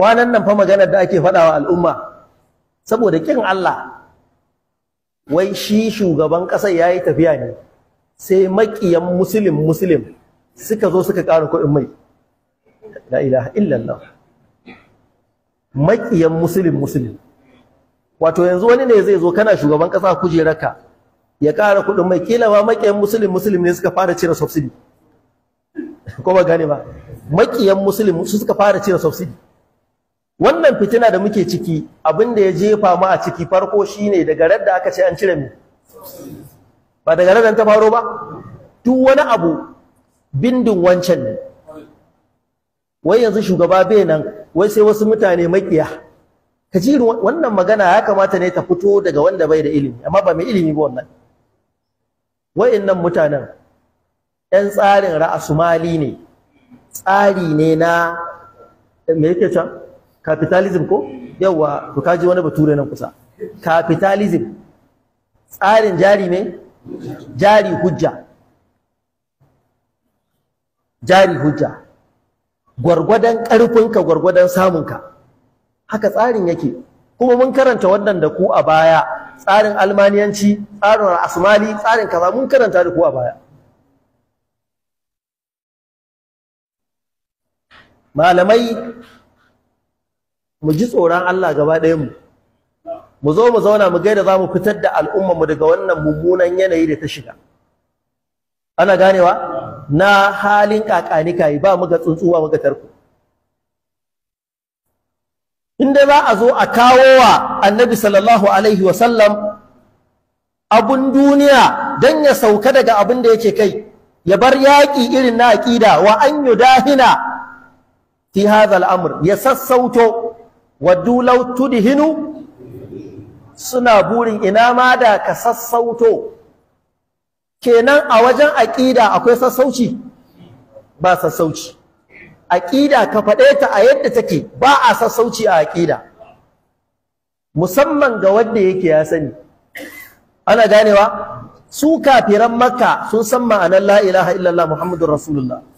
kwanan nan fa maganar da ake faɗawa al'umma saboda kin Allah wai shi shugaban ƙasar yi tafiya ne sai maƙiyan musulun musulun suka zo suka ƙara kuɗin mai la ilaha illallah maƙiyan musulun musulun wato yanzu wani ne zai zo kana shugaban ƙasa kujerarka ya ƙara kuɗin mai kila ma maƙiyan musulun musulun ne suka fara cire subsidy ko ba gane ba maƙiyan musulun su suka fara cire subsidy wannan fitina da muke ciki abinda ya jefa mu a ciki farko shine daga radda aka ce an cire mu ba daga ta faro ba duk wani abu bindin wancan ne wai yanzu shugaba bai nan wai sai wasu mutane makiya kajirin wannan magana ya kamata ne ta fito daga wanda bai da ilimi amma ba mai ilimi ba wannan wayannan mutanen yan tsarin ra'asumali ne tsari ne na me yake can capitalism ko yawa to kaji wani bature nan kusa capitalism tsarin jari ne jari hujja jari hujja gwargwadon ƙarfinka gwargwadon samunka haka tsarin yake kuma mun karanta wannan da ku a baya tsarin almaniyanci tsarin asmali tsarin kaza mun karanta da ku a baya malamai mu ji tsoron Allah gaba ɗaya mu mu zo mu zauna mu gaida za mu fitar da al'umma mu daga wannan mummunan yanayi da ta shiga ana ganewa na halin kakanikayi ba mu ga tsuntsuwa mu ga tarko inda za a zo a kawo wa annabi sallallahu alaihi wa sallam abun duniya dan ya sauka daga abin da yake kai ya bar yaƙi irin na aƙida wa an yudahina fi hadha amr ya sassauto waddu law tudhinu suna burin ina ma da ka sassauto kenan a wajen aƙida akwai sassauci ba sassauci aƙida ka faɗe ta a yadda take ba a sassauci a aƙida musamman ga wanda yake ya sani ana ganewa su kafiran makka sun san ma'anar la ilaha illallah muhammadur rasulullah